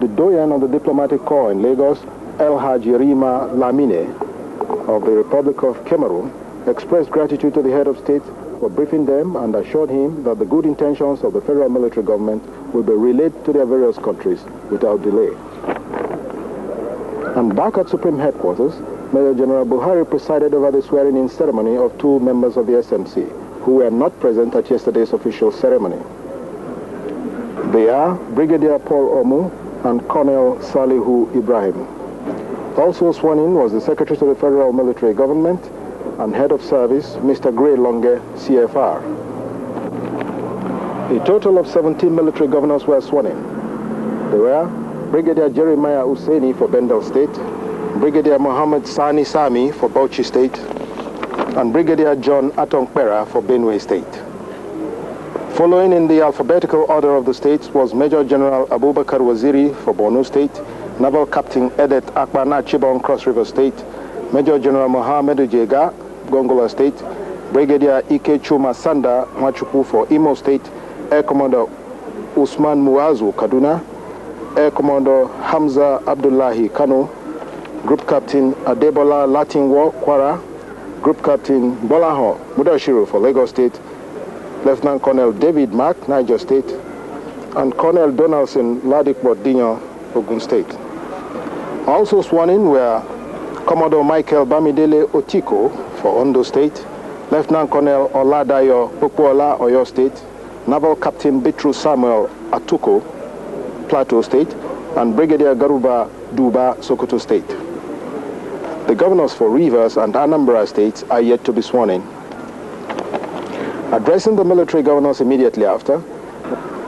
The doyen of the diplomatic corps in Lagos, El Hajirima Lamine of the Republic of Cameroon, expressed gratitude to the head of state for briefing them and assured him that the good intentions of the federal military government will be relayed to their various countries without delay. And back at Supreme Headquarters, Major General Buhari presided over the swearing-in ceremony of two members of the SMC who were not present at yesterday's official ceremony. They are Brigadier Paul Omu and Colonel Salihu Ibrahim. Also sworn in was the Secretary to the Federal Military Government and Head of Service, Mr. Gray Longe, CFR. A total of 17 military governors were sworn in. They were Brigadier Jeremiah Husseini for Bendel State, Brigadier Mohammed Sani Sami for Bauchi State, and Brigadier John Atongpera for Benue State. Following in the alphabetical order of the states was Major General Abubakar Waziri for Borno State, Naval Captain Edet Akbana Chibon Cross River State, Major General Mohamed Ujega, Gongola State, Brigadier Ike Chuma Sanda Machupu for Imo State, Air Commander Usman Muazu Kaduna, Air Commander Hamza Abdullahi Kano, Group Captain Adebola Latinwo Kwara, Group Captain Bolaho Mudashiru for Lagos State, Lieutenant Colonel David Mark, Niger State, and Colonel Donaldson Ladikbot Dino, Ogun State. Also sworn in were Commodore Michael Bamidele Otiko for Ondo State, Lieutenant Colonel Oladayo Pokuola, Oyo State, Naval Captain Bitrus Samuel Atuko, Plateau State, and Brigadier Garuba Duba, Sokoto State. The governors for Rivers and Anambra states are yet to be sworn in. Addressing the military governors immediately after,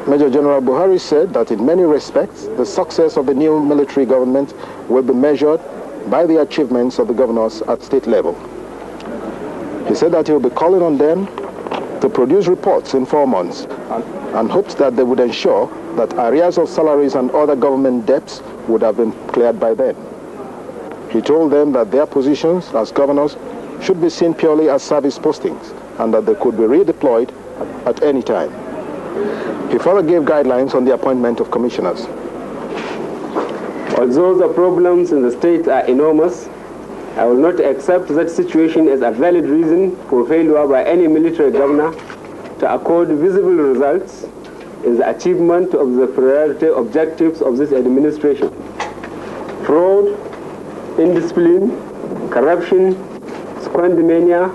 Major General Buhari said that in many respects, the success of the new military government will be measured by the achievements of the governors at state level. He said that he will be calling on them to produce reports in four months and hopes that they would ensure that arrears of salaries and other government debts would have been cleared by then. He told them that their positions as governors should be seen purely as service postings and that they could be redeployed at any time. He further gave guidelines on the appointment of commissioners. Although the problems in the state are enormous, I will not accept that situation as a valid reason for failure by any military governor to accord visible results in the achievement of the priority objectives of this administration. Fraud, indiscipline, corruption, squandermania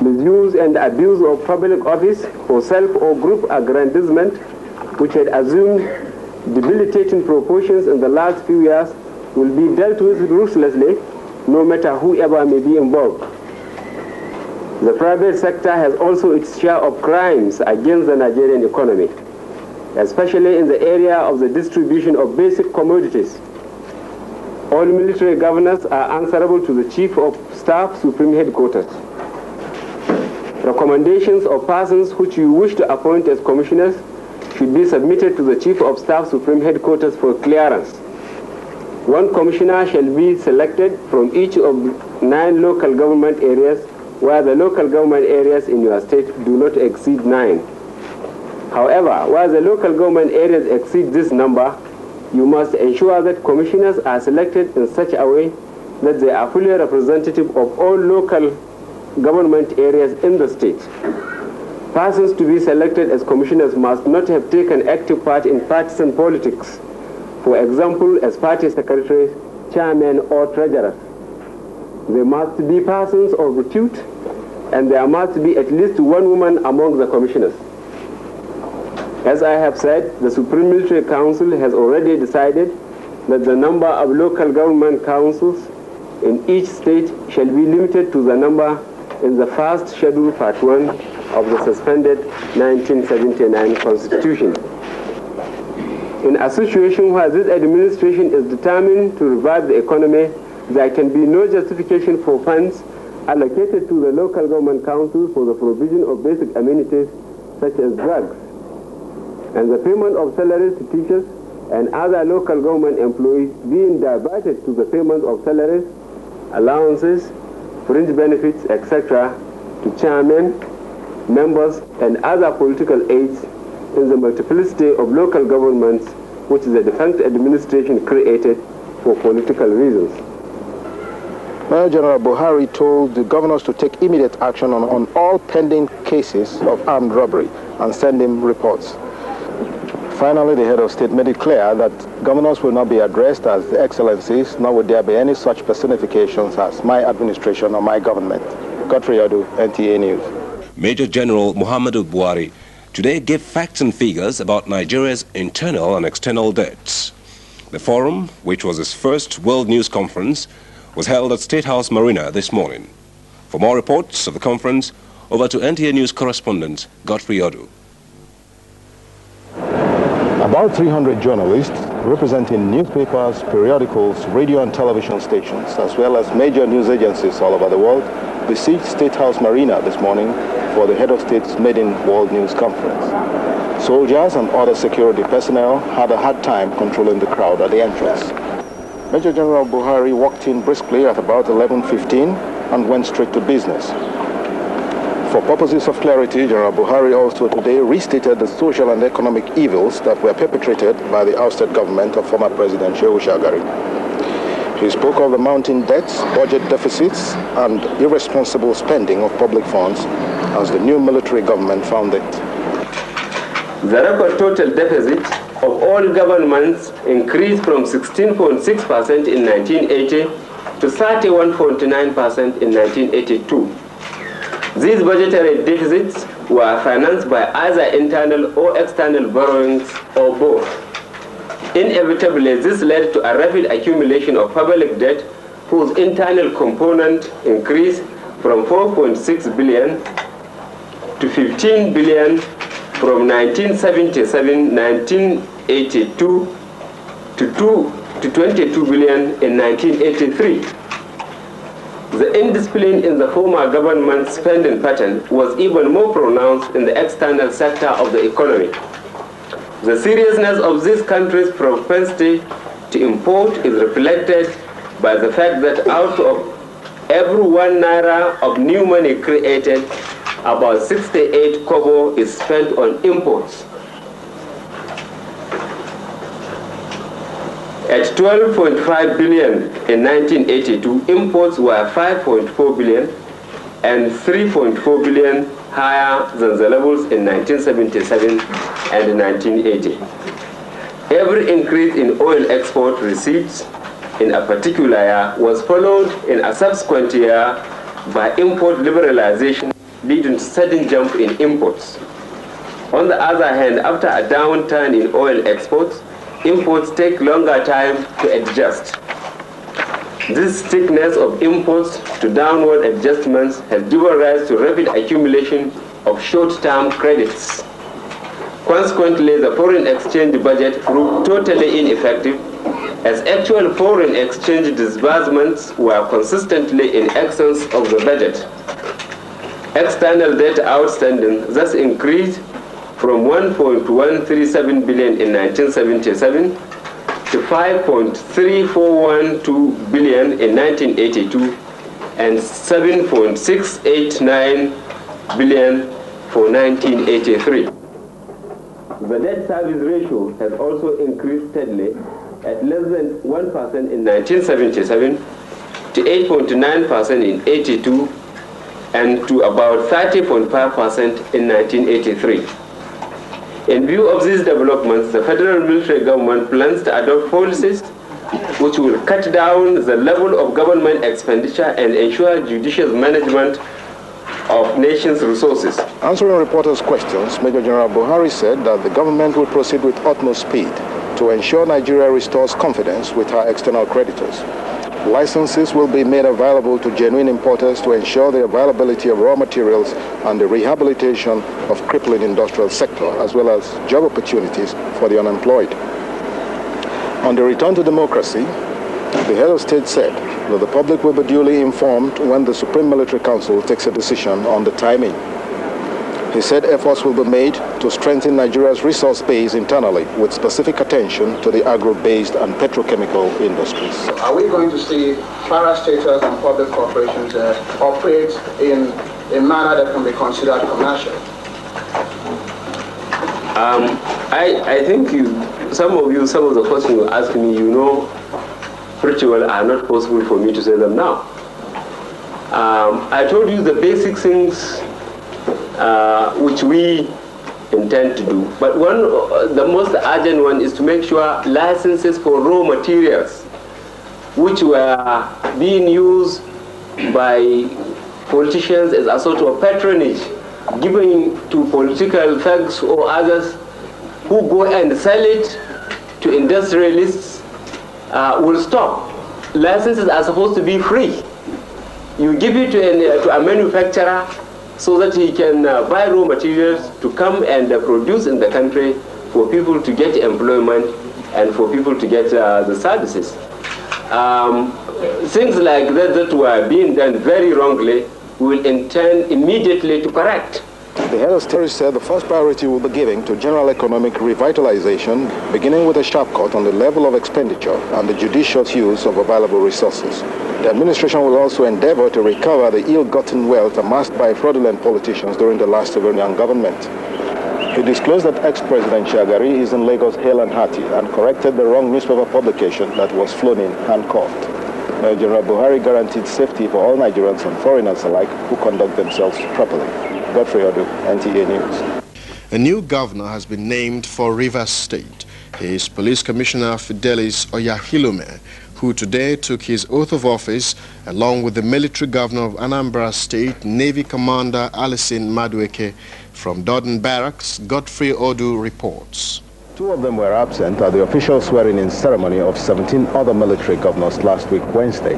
misuse and abuse of public office for self or group aggrandizement, which had assumed debilitating proportions in the last few years, will be dealt with ruthlessly, no matter whoever may be involved. The private sector has also its share of crimes against the Nigerian economy, especially in the area of the distribution of basic commodities. All military governors are answerable to the Chief of Staff Supreme Headquarters. Recommendations of persons which you wish to appoint as commissioners should be submitted to the Chief of Staff Supreme Headquarters for clearance. One commissioner shall be selected from each of nine local government areas where the local government areas in your state do not exceed nine. However, where the local government areas exceed this number, you must ensure that commissioners are selected in such a way that they are fully representative of all local government areas in the state. Persons to be selected as commissioners must not have taken active part in partisan politics, for example, as party secretary, chairman, or treasurer. They must be persons of repute, and there must be at least one woman among the commissioners. As I have said, the Supreme Military Council has already decided that the number of local government councils in each state shall be limited to the number in the first schedule, part one, of the suspended 1979 Constitution. In a situation where this administration is determined to revive the economy, there can be no justification for funds allocated to the local government councils for the provision of basic amenities such as drugs and the payment of salaries to teachers and other local government employees being diverted to the payment of salaries, allowances, fringe benefits, etc., to chairmen, members, and other political aides in the multiplicity of local governments which the defunct administration created for political reasons. Well, General Buhari told the governors to take immediate action on, on all pending cases of armed robbery and send him reports. Finally, the head of state made it clear that governors will not be addressed as excellencies, nor would there be any such personifications as my administration or my government. Godfrey Adu, NTA News. Major General Muhammadu Buhari today gave facts and figures about Nigeria's internal and external debts. The forum, which was his first World News Conference, was held at State House Marina this morning. For more reports of the conference, over to NTA News correspondent Godfrey Odu. About 300 journalists representing newspapers, periodicals, radio and television stations, as well as major news agencies all over the world, besieged State House Marina this morning for the head of state's maiden World News Conference. Soldiers and other security personnel had a hard time controlling the crowd at the entrance. Major General Buhari walked in briskly at about 11.15 and went straight to business, for purposes of clarity, General Buhari also today restated the social and economic evils that were perpetrated by the ousted government of former President Shehu Shagari. He spoke of the mounting debts, budget deficits, and irresponsible spending of public funds as the new military government found it. The record total deficit of all governments increased from 16.6% percent in 1980 to 31.9% in 1982. These budgetary deficits were financed by either internal or external borrowings or both. Inevitably, this led to a rapid accumulation of public debt whose internal component increased from 4.6 billion to 15 billion from 1977-1982 to, to 22 billion in 1983. The indiscipline in the former government spending pattern was even more pronounced in the external sector of the economy. The seriousness of this country's propensity to import is reflected by the fact that out of every one naira of new money created, about 68 kobo is spent on imports At 12.5 billion in 1982, imports were 5.4 billion and 3.4 billion higher than the levels in 1977 and 1980. Every increase in oil export receipts in a particular year was followed in a subsequent year by import liberalization leading to sudden jump in imports. On the other hand, after a downturn in oil exports, Imports take longer time to adjust. This thickness of imports to downward adjustments has given rise to rapid accumulation of short-term credits. Consequently, the foreign exchange budget proved totally ineffective as actual foreign exchange disbursements were consistently in excess of the budget. External debt outstanding thus increased from 1.137 billion in 1977 to 5.3412 billion in 1982 and 7.689 billion for 1983. The debt service ratio has also increased steadily at less than 1% in 1977 to 8.9% in 82 and to about 30.5% in 1983. In view of these developments, the federal military government plans to adopt policies which will cut down the level of government expenditure and ensure judicious management of nation's resources. Answering reporters' questions, Major General Buhari said that the government will proceed with utmost speed to ensure Nigeria restores confidence with her external creditors. Licenses will be made available to genuine importers to ensure the availability of raw materials and the rehabilitation of crippling industrial sector, as well as job opportunities for the unemployed. On the return to democracy, the head of state said that the public will be duly informed when the Supreme Military Council takes a decision on the timing. He said efforts will be made to strengthen Nigeria's resource base internally with specific attention to the agro-based and petrochemical industries. Are we going to see para-states and public corporations uh, operate in a manner that can be considered commercial? Um, I, I think you, some of you, some of the questions you ask me, you know pretty well are not possible for me to say them now. Um, I told you the basic things uh, which we intend to do. But one, uh, the most urgent one is to make sure licenses for raw materials which were being used by politicians as a sort of patronage given to political thugs or others who go and sell it to industrialists uh, will stop. Licenses are supposed to be free. You give it to, an, uh, to a manufacturer so that he can uh, buy raw materials to come and uh, produce in the country for people to get employment and for people to get uh, the services. Um, things like that that were being done very wrongly, we will intend immediately to correct the head of state said the first priority will be giving to general economic revitalization, beginning with a sharp cut on the level of expenditure and the judicious use of available resources. The administration will also endeavor to recover the ill-gotten wealth amassed by fraudulent politicians during the last civilian government. He disclosed that ex-president Shagari is in Lagos hale and hearty and corrected the wrong newspaper publication that was flown in handcuffed. General Buhari guaranteed safety for all Nigerians and foreigners alike who conduct themselves properly. Godfrey Odu, NTA News. A new governor has been named for Rivers State. He is Police Commissioner Fidelis Oyahilume, who today took his oath of office along with the military governor of Anambra State, Navy Commander Alison Madueke. From Dodden Barracks, Godfrey Odu reports. Two of them were absent at the official swearing-in ceremony of 17 other military governors last week, Wednesday.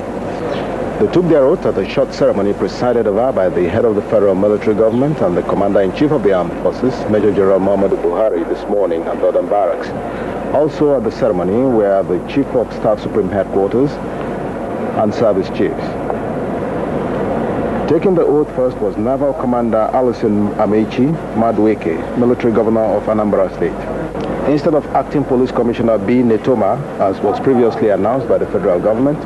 They took their oath at a short ceremony presided over by the head of the federal military government and the commander-in-chief of the armed forces, Major General Muhammadu Buhari, this morning at Northern Barracks. Also at the ceremony were the Chief of Staff Supreme Headquarters and service chiefs. Taking the oath first was Naval Commander Alison Amechi Madweke, military governor of Anambra State. Instead of acting police commissioner B. Netoma, as was previously announced by the federal government,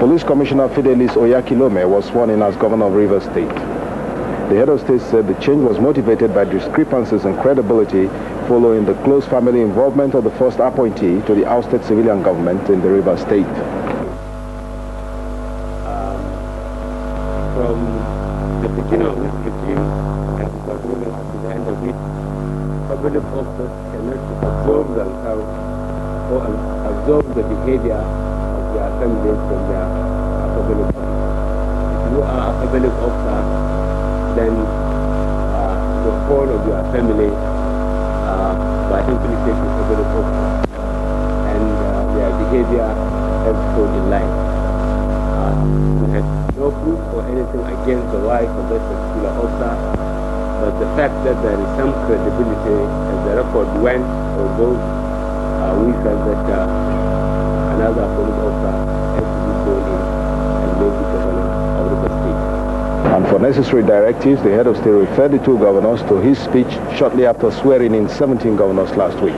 Police Commissioner Fidelis Oyakilome was sworn in as governor of Rivers State. The head of state said the change was motivated by discrepancies in credibility following the close family involvement of the first appointee to the ousted civilian government in the Rivers State. from the beginning of this regime and the the end of it, public officers cannot absorb themselves the behavior they are ten from their alcoholic office. If you are alcoholic officer, then uh, the whole of your family uh, by implication is alcoholic officer. And uh, their behavior has showed in line. Uh, we have no proof or anything against the wife of this particular officer, but the fact that there is some credibility as the record went or goes, uh, we felt that uh, another police officer has to be in and the governor of the state. And for necessary directives, the head of state referred the two governors to his speech shortly after swearing in 17 governors last week.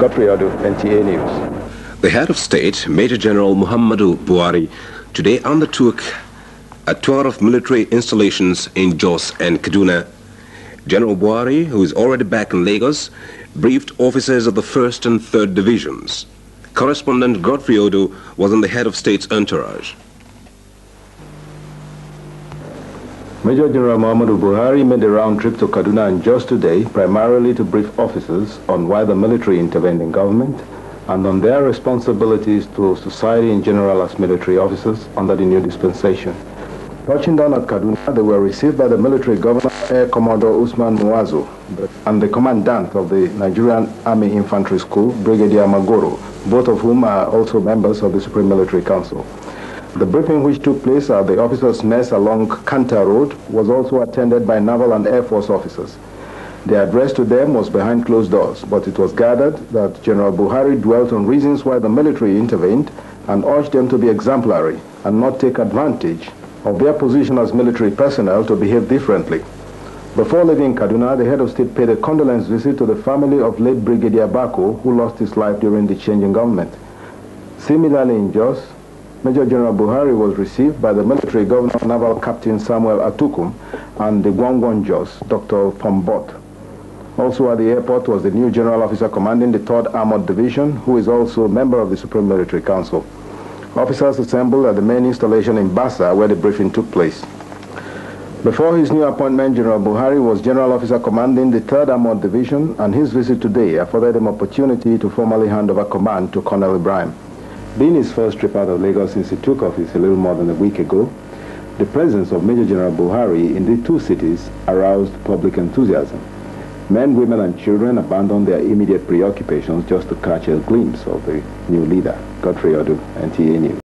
Godfrey Odu, NTA News. The head of state, Major General Muhammadu Buhari, today undertook a tour of military installations in Jos and Kaduna. General Buhari, who is already back in Lagos, briefed officers of the 1st and 3rd Divisions. Correspondent Godfrey Odu was on the head of state's entourage. Major General Muhammadu Buhari made a round trip to Kaduna and just today primarily to brief officers on why the military intervened in government and on their responsibilities to society in general as military officers under the new dispensation. Touching down at Kaduna, they were received by the military governor, Air Commodore Usman Muazu, and the commandant of the Nigerian Army Infantry School, Brigadier Magoro, both of whom are also members of the Supreme Military Council. The briefing which took place at the officers' mess along Kanta Road was also attended by naval and air force officers. The address to them was behind closed doors, but it was gathered that General Buhari dwelt on reasons why the military intervened and urged them to be exemplary and not take advantage of their position as military personnel to behave differently. Before leaving Kaduna, the head of state paid a condolence visit to the family of late Brigadier Bako, who lost his life during the change in government. Similarly in Jos, Major General Buhari was received by the military governor, Naval Captain Samuel Atukum, and the Gwangwon Jos, Dr. Pombot. Also at the airport was the new general officer commanding the 3rd Armored Division, who is also a member of the Supreme Military Council. Officers assembled at the main installation in Bassa, where the briefing took place. Before his new appointment, General Buhari was General Officer commanding the 3rd Armored Division, and his visit today afforded him opportunity to formally hand over command to Colonel Ibrahim. Being his first trip out of Lagos since he took office a little more than a week ago, the presence of Major General Buhari in the two cities aroused public enthusiasm. Men, women, and children abandoned their immediate preoccupations just to catch a glimpse of the new leader, Godfrey Odu, NTA News.